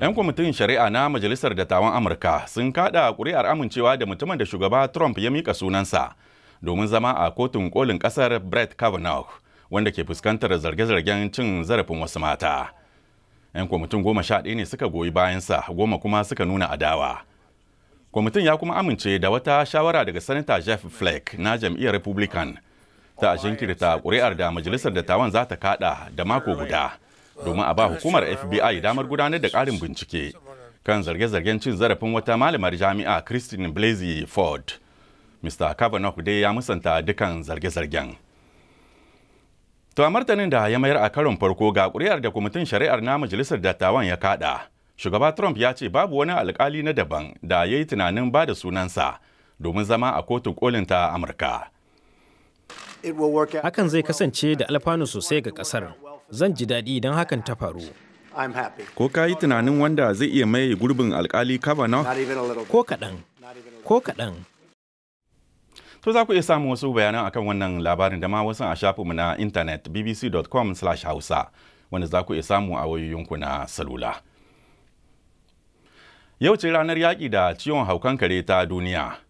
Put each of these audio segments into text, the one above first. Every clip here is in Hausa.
'Yan kwamitin shari'a na Majalisar Dattawan Amurka sun kada kuri'ar amincewa da mutumin da shugaba Trump ya mika sunansa domin zama a kotun kolin kasar Brett Kavanaugh wanda ke fuskantar zarge-zargen cin zarafin wasu mata. 'Yan kwamitin goma sha ɗaya ne suka goyi bayansa goma kuma suka nuna adawa. Kwamitin ya kuma amince da wata shawara daga Sanata Jeff Flake na jam'iyyar Republican ta jinkirta kuri'ar da Majalisar Dattawan za ta kada da mako guda. domin a ba hukumar FBI damar gudanar da ƙarin bincike kan zarge-zargen cin zarafin wata malamar jami'a Christine Blasey Ford. Mr. Kavanaugh dai ya musanta dukan zarge-zargen. To a martanin da ya mayar a karon farko ga ƙuri'ar da kwamitin shari'ar na majalisar dattawan ya kada, shugaba Trump ya ce babu wani alkali na daban da ya yi tunanin ba da sunansa domin zama a kotun kolin ta Amurka. Hakan zai kasance da alfanu sosai ga kasar zan ji daɗi idan hakan ta faru. Ko ka yi tunanin wanda zai iya maye gurbin alkali Kavanaugh? Ko kaɗan, ko kaɗan. To za ku iya samun wasu bayanan akan wannan labarin da ma wasu a shafinmu na intanet bbc.com/hausa wanda za ku iya samu a wayoyinku na salula. Yau ce ranar yaƙi da ciwon haukan kare ta duniya.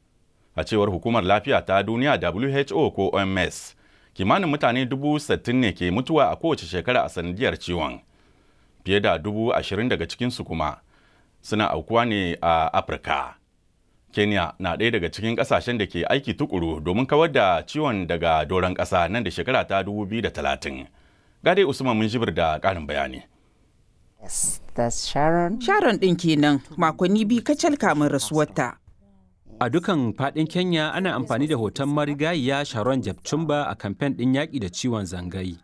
A cewar hukumar lafiya ta duniya WHO ko OMS, kimanin mutane dubu sittin ne ke mutuwa a kowace shekara a sanadiyar ciwon fiye da dubu ashirin daga cikinsu kuma suna aukuwa ne a afirka kenya na ɗaya daga cikin ƙasashen da ke aiki tukuru domin kawar da ciwon daga doron ƙasa nan da shekara ta talatin gade usman mun jibir da ƙarin bayani Sharon. Sharon ɗin kenan makonni biyu kacal kamun rasuwarta. A dukan faɗin Kenya ana amfani da hoton marigayiya Sharon Jabchumba a kamfen ɗin yaƙi da ciwon zangai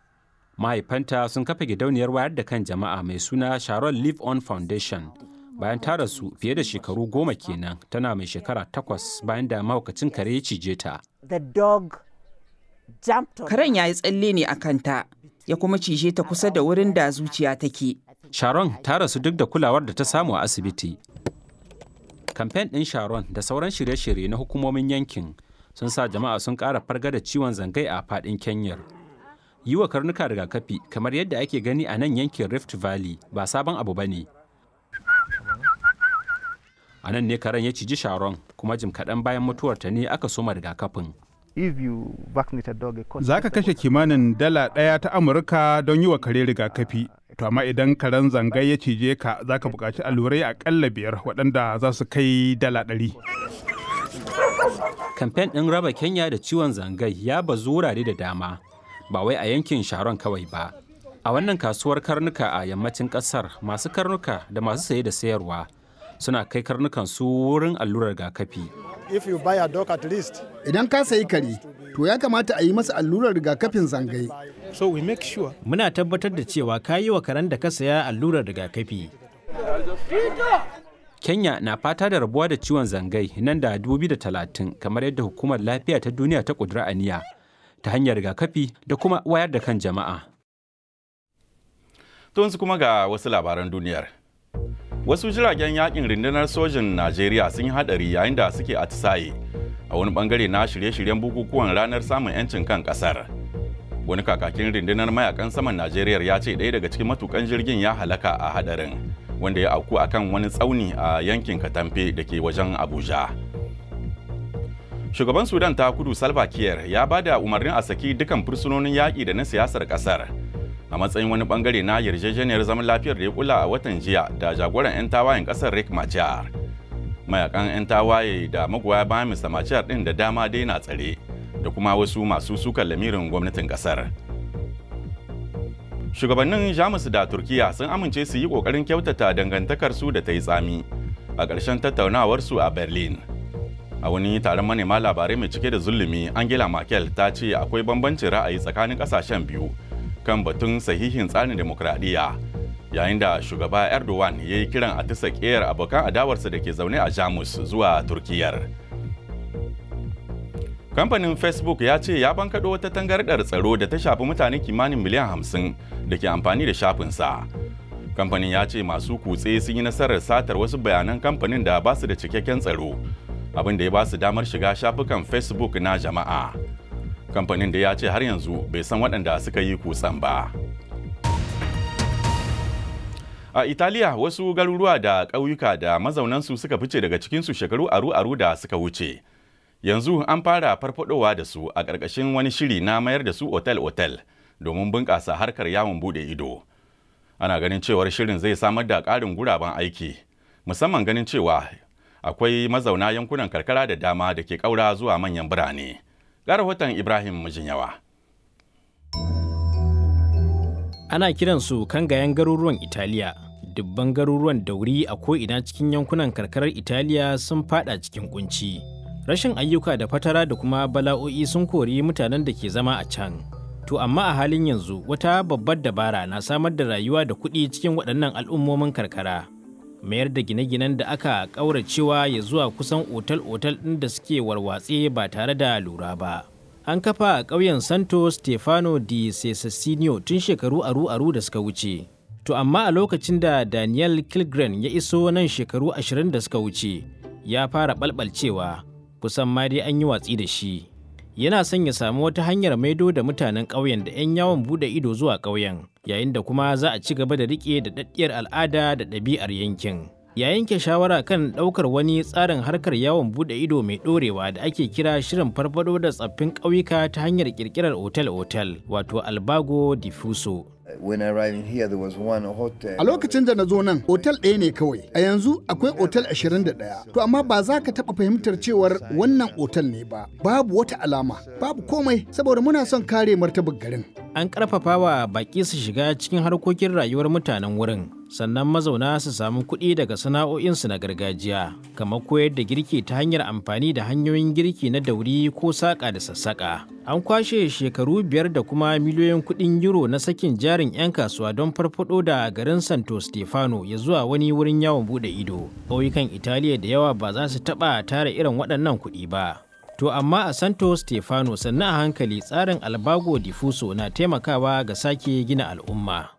Mahaifanta sun kafa gidauniyar wayar da kan jama'a mai suna Sharon Live On Foundation. Bayan ta rasu fiye da shekaru goma kenan tana mai shekara takwas bayan da mahaukacin kare ya cije ta. Karen ya yi tsalle ne a kanta, ya kuma cije ta kusa da wurin da zuciya take. Sharon ta rasu duk da kulawar da ta samu a asibiti, kamfen ɗin sharon da sauran shirye-shirye na hukumomin yankin sun sa jama'a sun ƙara farga da ciwon zangai a faɗin kenyar yi wa karnuka rigakafi kamar yadda ake gani a nan yankin rift valley ba sabon abu ba ne a nan ne karen ya ciji sharon kuma jim kaɗan bayan ta ne aka soma rigakafin za ka kashe kimanin dala ɗaya ta amurka don yi wa kare rigakafi to amma idan karen zanga ya cije ka za ka buƙaci allurai aƙalla biyar waɗanda za su kai dala ɗari. kamfen ɗin raba kenya da ciwon zangai ya bazu wurare da dama ba wai a yankin sharon kawai ba a wannan kasuwar karnuka a yammacin ƙasar masu karnuka da masu saye da sayarwa suna kai karnukan su wurin allurar gakafi. Idan ka sayi kare, to ya kamata a yi masa allurar rigakafin zangai. So we make sure. Muna tabbatar da cewa ka yi wa karen da ka saya allurar rigakafi. Kenya na fata da rabuwa da ciwon zangai nan da 2030 kamar yadda hukumar lafiya ta duniya ta kudura aniya ta hanyar rigakafi da kuma wayar da kan jama'a. Tunsu kuma ga wasu labaran duniyar. Wasu jiragen yakin rundunar sojin Najeriya sun yi hadari yayin da suke atisaye a wani bangare na shirye-shiryen bukukuwan ranar samun 'yancin kan kasar. Wani kakakin rundunar mayakan saman Najeriya ya ce daya daga cikin matukan jirgin ya halaka a hadarin wanda ya auku a kan wani tsauni a yankin Katamfe da ke wajen Abuja. Shugaban Sudan ta kudu Salva Kiir ya ba da umarnin a saki dukan fursunonin yaƙi da na siyasar ƙasar. a matsayin wani bangare na yarjejeniyar zaman lafiyar da ya kula a watan jiya da jagoran 'yan tawayen ƙasar Rick Machar. mayakan 'yan tawaye da magoya bayan Mr. Machar din da dama dai na tsare da kuma wasu masu sukan lamirin gwamnatin ƙasar. Shugabannin Jamus da Turkiya sun amince su yi ƙoƙarin kyautata su da ta yi tsami a ƙarshen tattaunawar su a Berlin. A wani taron manema labarai mai cike da zulumi, Angela Merkel ta ce akwai bambancin ra'ayi tsakanin ƙasashen biyu kan batun sahihin tsarin demokradiyya yayin da shugaba erdogan ya yi kiran a tisa kiyar abokan adawarsa da ke zaune a jamus zuwa turkiyar kamfanin facebook ya ce ya bankaɗo wata tangardar tsaro da ta shafi mutane kimanin miliyan hamsin da ke amfani da shafinsa kamfanin ya ce masu kutse sun yi nasarar satar wasu bayanan kamfanin da ba su da cikakken tsaro abin da ya ba su damar shiga shafukan facebook na jama'a kamfanin da ya ce har yanzu bai san waɗanda suka yi kutsen ba. a italiya wasu garuruwa da ƙauyuka da mazaunansu suka fice daga cikinsu shekaru aru-aru da suka wuce yanzu an fara farfadowa da su a ƙarƙashin wani shiri na mayar da su otel-otel domin bunƙasa harkar yawon buɗe ido ana ganin cewar shirin zai samar da ƙarin guraben aiki musamman ganin cewa akwai mazauna yankunan karkara da dama da ke ƙaura zuwa manyan birane ga rahoton ibrahim mijinyawa ana kiransu kangayen garuruwan Italiya. Dubban garuruwan dauri a ko ina cikin yankunan karkarar Italiya sun fada cikin kunci. Rashin ayyuka da fatara da kuma bala'o'i sun kori mutanen da ke zama a can. To amma a halin yanzu wata babbar dabara na samar da rayuwa da kuɗi cikin waɗannan al'ummomin karkara. Mayar da gine-ginen da aka ƙauracewa ya zuwa kusan otal-otal ɗin da suke warwatse ba tare da lura ba. an kafa a ƙauyen santo stefano di cesassino tun shekaru aru-aru da suka wuce to amma a lokacin da daniel kilgren ya iso nan shekaru ashirin da suka wuce ya fara ɓalɓalcewa kusan ma dai an yi watsi da shi yana son ya samu wata hanyar maido da mutanen ƙauyen da 'yan yawon buɗe ido zuwa ƙauyen yayin da kuma za a ci gaba da riƙe da ɗaɗɗiyar al'ada da ɗabi'ar yankin. ya yanke shawara kan ɗaukar wani tsarin harkar yawon buɗe ido mai ɗorewa da ake kira shirin farfado da tsaffin ƙauyuka ta hanyar ƙirƙirar otal-otal wato albago diffuso A lokacin da na zo nan, otal ɗaya ne kawai. A yanzu akwai otal 21. To amma ba za ka taɓa fahimtar cewar wannan otal ne ba. Babu wata alama, babu komai, saboda muna son kare martabar garin. An ƙarfafa wa baƙi su shiga cikin harkokin rayuwar mutanen wurin. sannan mazauna su samu kuɗi daga sana'o'insu na gargajiya kamar koyar da girki ta hanyar amfani da hanyoyin girki na dauri ko saƙa da sassaƙa an kwashe shekaru biyar da kuma miliyoyin kuɗin euro na sakin jarin 'yan kasuwa don farfaɗo da garin santo stefano ya zuwa wani wurin yawon buɗe ido ƙauyukan italiya da yawa ba za su taɓa tara irin waɗannan kuɗi ba To amma a Santo Stefano sannan a hankali tsarin albago difuso na taimakawa ga sake gina al'umma.